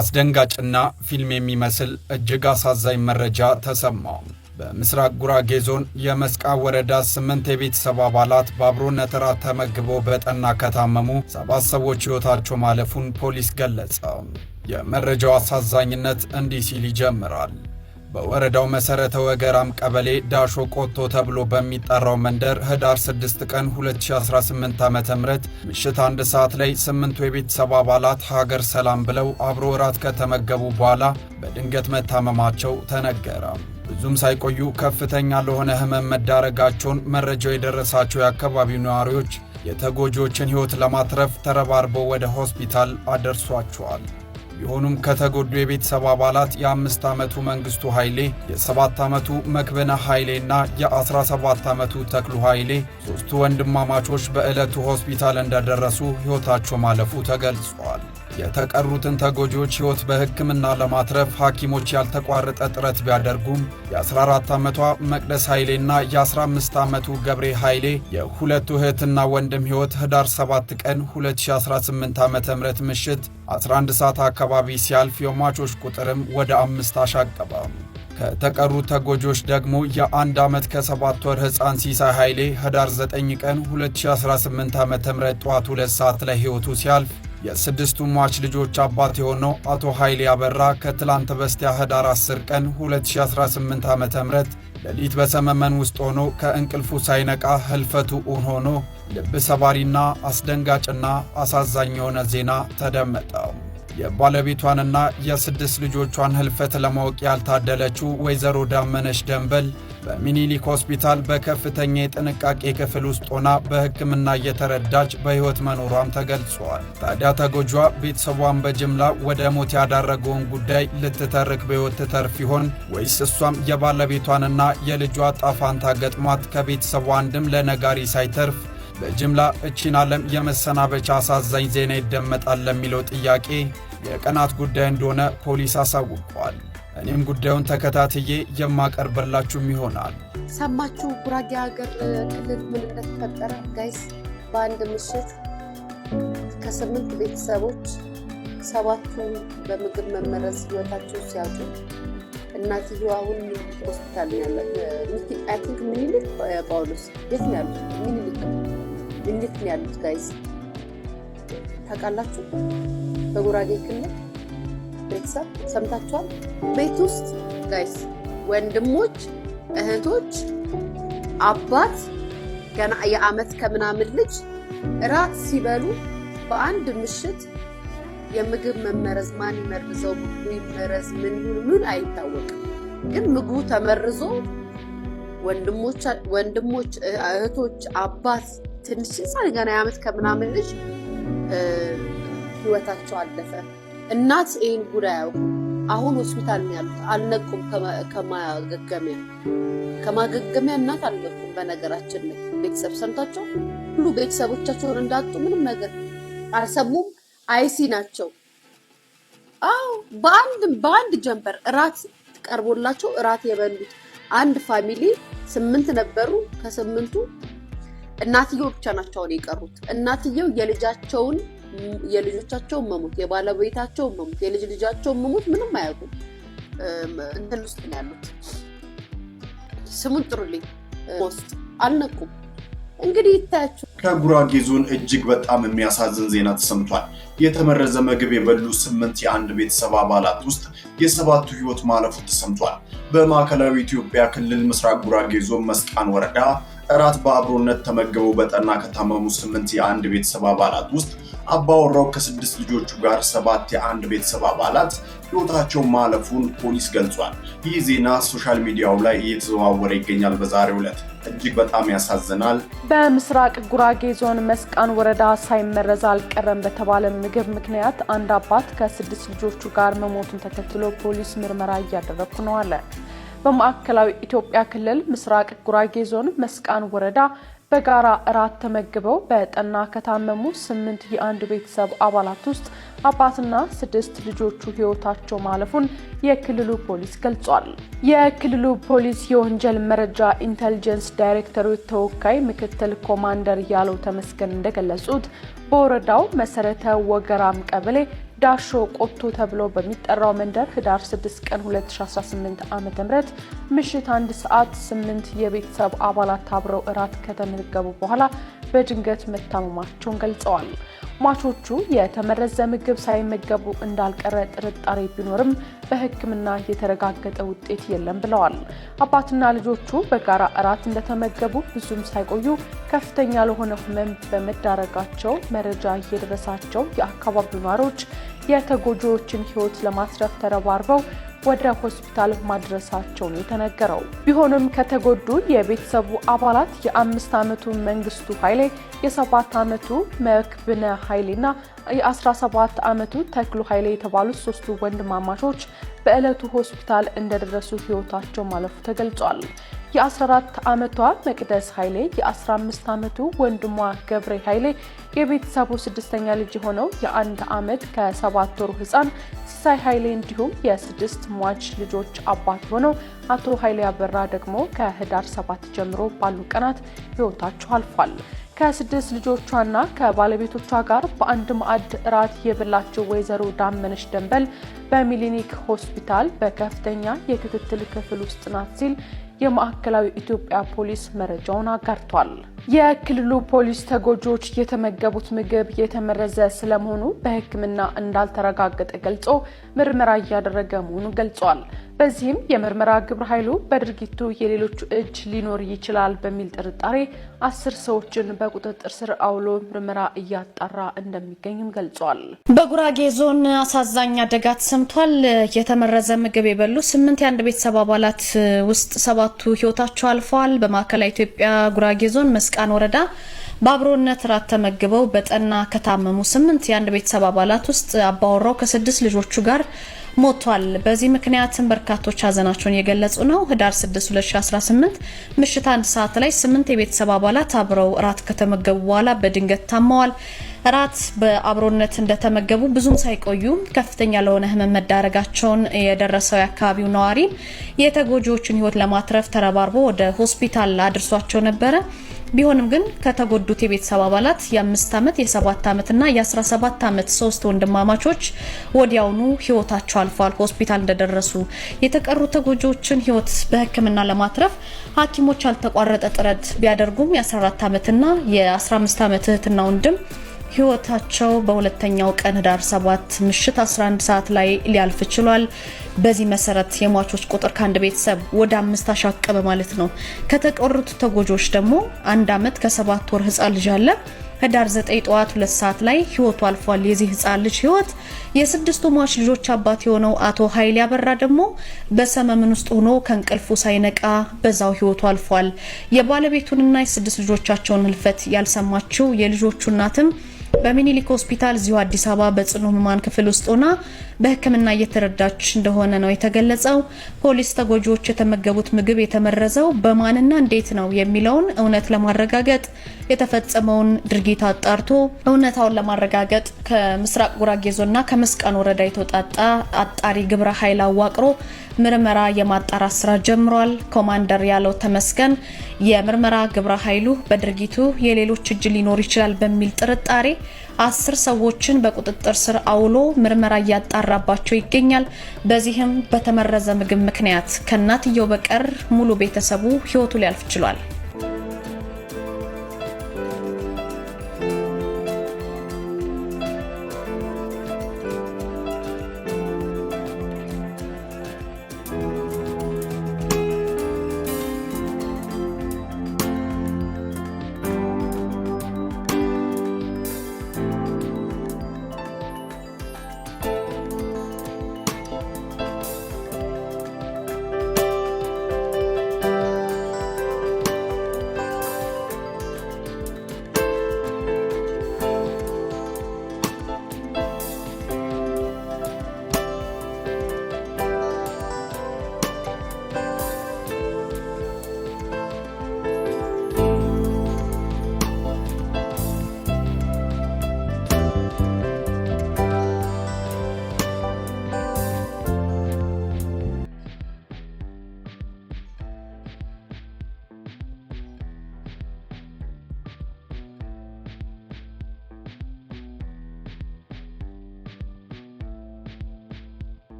አስደንጋጭና ፊልም የሚመስል እጅግ አሳዛኝ መረጃ ተሰማ። በምስራቅ ጉራጌ ዞን የመስቃ ወረዳ ስምንት የቤተሰብ አባላት በአብሮነት እራት ተመግበው በጠና ከታመሙ ሰባት ሰዎች ሕይወታቸው ማለፉን ፖሊስ ገለጸ። የመረጃው አሳዛኝነት እንዲህ ሲል ይጀምራል። በወረዳው መሰረተ ወገራም ቀበሌ ዳሾ ቆቶ ተብሎ በሚጠራው መንደር ህዳር 6 ቀን 2018 ዓ ም ምሽት አንድ ሰዓት ላይ ስምንቱ የቤተሰብ አባላት ሀገር ሰላም ብለው አብሮ እራት ከተመገቡ በኋላ በድንገት መታመማቸው ተነገረ። ብዙም ሳይቆዩ ከፍተኛ ለሆነ ህመም መዳረጋቸውን መረጃው የደረሳቸው የአካባቢው ነዋሪዎች የተጎጂዎችን ሕይወት ለማትረፍ ተረባርበው ወደ ሆስፒታል አደርሷቸዋል። ቢሆኑም ከተጎዱ የቤተሰብ አባላት የአምስት ዓመቱ መንግስቱ ኃይሌ፣ የሰባት ዓመቱ መክብነ ኃይሌና የ17 ዓመቱ ተክሉ ኃይሌ ሦስቱ ወንድማማቾች በዕለቱ ሆስፒታል እንደደረሱ ሕይወታቸው ማለፉ ተገልጿል። የተቀሩትን ተጎጂዎች ሕይወት በሕክምና ለማትረፍ ሐኪሞች ያልተቋረጠ ጥረት ቢያደርጉም የ14 ዓመቷ መቅደስ ኃይሌና የ15 ዓመቱ ገብሬ ኃይሌ የሁለቱ እህትና ወንድም ሕይወት ኅዳር 7 ቀን 2018 ዓ ም ምሽት 11 ሰዓት አካባቢ ሲያልፍ የሟቾች ቁጥርም ወደ አምስት አሻቀበ። ከተቀሩ ተጎጆች ደግሞ የአንድ ዓመት ከሰባት ወር ሕፃን ሲሳይ ኃይሌ ህዳር 9 ቀን 2018 ዓ ም ጠዋት 2 ሰዓት ላይ ሕይወቱ ሲያልፍ የስድስቱ ሟች ልጆች አባት የሆነው አቶ ኃይሌ አበራ ከትላንት በስቲያ ህዳር 10 ቀን 2018 ዓ ም ሌሊት በሰመመን ውስጥ ሆኖ ከእንቅልፉ ሳይነቃ ህልፈቱ እውን ሆኖ ልብ ሰባሪና አስደንጋጭና አሳዛኝ የሆነ ዜና ተደመጠው። የባለቤቷንና የስድስት ልጆቿን ህልፈት ለማወቅ ያልታደለችው ወይዘሮ ዳመነች ደንበል በሚኒሊክ ሆስፒታል በከፍተኛ የጥንቃቄ ክፍል ውስጥ ሆና በሕክምና እየተረዳች በሕይወት መኖሯም ተገልጿል። ታዲያ ተጎጇ ቤተሰቧን በጅምላ ወደ ሞት ያዳረገውን ጉዳይ ልትተርክ በሕይወት ትተርፍ ይሆን ወይስ እሷም የባለቤቷንና የልጇ ጣፋንታ ገጥሟት ከቤተሰቧ አንድም ለነጋሪ ሳይተርፍ በጅምላ እቺን ዓለም የመሰናበቻ አሳዛኝ ዜና ይደመጣል ለሚለው ጥያቄ የቀናት ጉዳይ እንደሆነ ፖሊስ አሳውቋል። እኔም ጉዳዩን ተከታትዬ የማቀርብላችሁም ይሆናል። ሰማችሁ? ጉራጌ ሀገር ክልል ምን ተፈጠረ። ጋይስ፣ በአንድ ምሽት ከስምንት ቤተሰቦች ሰባቱ በምግብ መመረዝ ህይወታቸው ሲያጡ እናትዮ አሁን ሆስፒታል ያለ ሚኒሊክ ጳውሎስ የት ነው ያሉት? እንዴት ነው ያሉት። ጋይዝ ታውቃላችሁ፣ በጉራጌ ክልል ቤተሰብ ሰምታችኋል። ቤት ውስጥ ጋይስ ወንድሞች፣ እህቶች፣ አባት ገና የአመት ከምናምን ልጅ እራት ሲበሉ በአንድ ምሽት የምግብ መመረዝ ማን ይመርዘው ምግቡ ይመረዝ ምን ምን አይታወቅም። ግን ምግቡ ተመርዞ ወንድሞች፣ እህቶች፣ አባት ትንሽ ህፃን ገና የዓመት ከምናምን ልጅ ህይወታቸው አለፈ። እናት ይህን ጉዳይ ያውቁ። አሁን ሆስፒታል ያሉት። አልነቁም። ከማገገሚያ ከማገገሚያ እናት አልነቁም። በነገራችን ላይ ቤተሰብ ሰምታቸው ሁሉ ቤተሰቦቻቸውን እንዳጡ ምንም ነገር አልሰሙም። አይሲ ናቸው። አዎ በአንድ በአንድ ጀንበር እራት ቀርቦላቸው እራት የበሉት አንድ ፋሚሊ ስምንት ነበሩ። ከስምንቱ እናትየው ብቻ ናቸው የቀሩት። እናትየው የልጃቸውን የልጆቻቸውን መሞት የባለቤታቸውን መሞት የልጅ ልጃቸውን መሞት ምንም አያውቁም። እንትን ውስጥ ነው ያሉት። ስሙን ጥሩልኝ ውስጥ አልነቁም። እንግዲህ ይታያቸው። ከጉራጌ ዞን እጅግ በጣም የሚያሳዝን ዜና ተሰምቷል። የተመረዘ ምግብ የበሉ ስምንት የአንድ ቤተሰብ አባላት ውስጥ የሰባቱ ሕይወት ማለፉ ተሰምቷል። በማዕከላዊ ኢትዮጵያ ክልል ምስራቅ ጉራጌ ዞን መስቃን ወረዳ እራት በአብሮነት ተመግበው በጠና ከታመሙ ስምንት የአንድ ቤተሰብ አባላት ውስጥ አባወራው ከስድስት ልጆቹ ጋር ሰባት የአንድ ቤተሰብ አባላት ህይወታቸው ማለፉን ፖሊስ ገልጿል። ይህ ዜና ሶሻል ሚዲያው ላይ እየተዘዋወረ ይገኛል። በዛሬው ዕለት እጅግ በጣም ያሳዝናል። በምስራቅ ጉራጌ ዞን መስቃን ወረዳ ሳይመረዝ አልቀረም በተባለ ምግብ ምክንያት አንድ አባት ከስድስት ልጆቹ ጋር መሞቱን ተከትሎ ፖሊስ ምርመራ እያደረግኩ ነው አለ። በማዕከላዊ ኢትዮጵያ ክልል ምስራቅ ጉራጌ ዞን መስቃን ወረዳ በጋራ እራት ተመግበው በጠና ከታመሙ ስምንት የአንድ ቤተሰብ አባላት ውስጥ አባትና ስድስት ልጆቹ ሕይወታቸው ማለፉን የክልሉ ፖሊስ ገልጿል። የክልሉ ፖሊስ የወንጀል መረጃ ኢንተልጀንስ ዳይሬክተሮች ተወካይ ምክትል ኮማንደር ያለው ተመስገን እንደገለጹት በወረዳው መሰረተ ወገራም ቀበሌ ዳሾ ቆቶ ተብሎ በሚጠራው መንደር ህዳር 6 ቀን 2018 ዓ ም ምሽት አንድ ሰዓት ስምንት የቤተሰብ አባላት አብረው እራት ከተመገቡ በኋላ በድንገት መታመማቸውን ገልጸዋል። ማቾቹ የተመረዘ ምግብ ሳይመገቡ እንዳልቀረ ጥርጣሬ ቢኖርም በሕክምና የተረጋገጠ ውጤት የለም ብለዋል። አባትና ልጆቹ በጋራ እራት እንደተመገቡ ብዙም ሳይቆዩ ከፍተኛ ለሆነ ህመም በመዳረጋቸው መረጃ እየደረሳቸው የአካባቢው ነዋሪዎች የተጎጂዎችን ህይወት ለማስረፍ ተረባርበው ወደ ሆስፒታል ማድረሳቸውን የተነገረው ቢሆንም ከተጎዱ የቤተሰቡ አባላት የአምስት ዓመቱ መንግስቱ ኃይሌ፣ የሰባት ዓመቱ መክብነ ኃይሌና የ17 ዓመቱ ተክሉ ኃይሌ የተባሉት ሶስቱ ወንድማማቾች በዕለቱ ሆስፒታል እንደደረሱ ህይወታቸው ማለፉ ተገልጿል። የ14 ዓመቷ መቅደስ ኃይሌ፣ የ15 ዓመቱ ወንድሟ ገብሬ ኃይሌ፣ የቤተሰቡ ስድስተኛ ልጅ የሆነው የአንድ ዓመት ከሰባት ወሩ ህፃን ሲሳይ ኃይሌ እንዲሁም የስድስት ሟች ልጆች አባት የሆነው አቶ ኃይሌ አበራ ደግሞ ከህዳር ሰባት ጀምሮ ባሉ ቀናት ህይወታቸው አልፏል። ከስድስት ልጆቿና ከባለቤቶቿ ጋር በአንድ ማዕድ እራት የበላቸው ወይዘሮ ዳመነሽ ደንበል በሚሊኒክ ሆስፒታል በከፍተኛ የክትትል ክፍል ውስጥ ናት ሲል የማዕከላዊ ኢትዮጵያ ፖሊስ መረጃውን አጋርቷል። የክልሉ ፖሊስ ተጎጂዎች የተመገቡት ምግብ የተመረዘ ስለመሆኑ በሕክምና እንዳልተረጋገጠ ገልጾ ምርመራ እያደረገ መሆኑ ገልጿል። በዚህም የምርመራ ግብረ ኃይሉ በድርጊቱ የሌሎች እጅ ሊኖር ይችላል በሚል ጥርጣሬ አስር ሰዎችን በቁጥጥር ስር አውሎ ምርመራ እያጣራ እንደሚገኝም ገልጿል። በጉራጌ ዞን አሳዛኝ አደጋ ተሰምቷል። የተመረዘ ምግብ የበሉ ስምንት የአንድ ቤተሰብ አባላት ውስጥ ሰባቱ ህይወታቸው አልፈዋል። በማዕከላዊ ኢትዮጵያ ጉራጌ ዞን መስቃን ወረዳ በአብሮነት ራት ተመግበው በጠና ከታመሙ ስምንት የአንድ ቤተሰብ አባላት ውስጥ አባወራው ከስድስት ልጆቹ ጋር ሞቷል። በዚህ ምክንያትም በርካቶች ሀዘናቸውን እየገለጹ ነው። ህዳር 6 2018 ምሽት አንድ ሰዓት ላይ ስምንት የቤተሰብ አባላት አብረው እራት ከተመገቡ በኋላ በድንገት ታመዋል። እራት በአብሮነት እንደተመገቡ ብዙም ሳይቆዩ ከፍተኛ ለሆነ ህመም መዳረጋቸውን የደረሰው የአካባቢው ነዋሪ የተጎጂዎቹን ህይወት ለማትረፍ ተረባርቦ ወደ ሆስፒታል አድርሷቸው ነበረ። ቢሆንም ግን ከተጎዱት የቤተሰብ አባላት የአምስት ዓመት የሰባት ዓመትና የ17 ዓመት ሶስት ወንድማማቾች ወዲያውኑ ህይወታቸው አልፏል ሆስፒታል እንደደረሱ። የተቀሩ ተጎጂዎችን ህይወት በህክምና ለማትረፍ ሐኪሞች ያልተቋረጠ ጥረት ቢያደርጉም የ14 ዓመትና የ15 ዓመት እህትና ወንድም ህይወታቸው በሁለተኛው ቀን ህዳር 7 ምሽት 11 ሰዓት ላይ ሊያልፍ ችሏል። በዚህ መሰረት የሟቾች ቁጥር ከአንድ ቤተሰብ ወደ አምስት አሻቀበ ማለት ነው። ከተቀሩት ተጎጆች ደግሞ አንድ ዓመት ከሰባት ወር ህፃን ልጅ አለ። ህዳር 9 ጠዋት 2 ሰዓት ላይ ህይወቱ አልፏል። የዚህ ህፃን ልጅ ህይወት የስድስቱ ሟች ልጆች አባት የሆነው አቶ ኃይል ያበራ ደግሞ በሰመምን ውስጥ ሆኖ ከእንቅልፉ ሳይነቃ በዛው ህይወቱ አልፏል። የባለቤቱንና የስድስት ልጆቻቸውን ህልፈት ያልሰማችው የልጆቹ እናትም በሚኒሊክ ሆስፒታል እዚሁ አዲስ አበባ በጽኑ ህሙማን ክፍል ውስጥ ሆና በሕክምና እየተረዳች እንደሆነ ነው የተገለጸው። ፖሊስ ተጎጂዎች የተመገቡት ምግብ የተመረዘው በማንና እንዴት ነው የሚለውን እውነት ለማረጋገጥ የተፈጸመውን ድርጊት አጣርቶ እውነታውን ለማረጋገጥ ከምስራቅ ጉራጌ ዞንና ከመስቃን ወረዳ የተውጣጣ አጣሪ ግብረ ኃይል አዋቅሮ ምርመራ የማጣራት ስራ ጀምሯል። ኮማንደር ያለው ተመስገን የምርመራ ግብረ ኃይሉ በድርጊቱ የሌሎች እጅ ሊኖር ይችላል በሚል ጥርጣሬ አስር ሰዎችን በቁጥጥር ስር አውሎ ምርመራ እያጣራባቸው ይገኛል። በዚህም በተመረዘ ምግብ ምክንያት ከእናትየው በቀር ሙሉ ቤተሰቡ ህይወቱ ሊያልፍ ችሏል።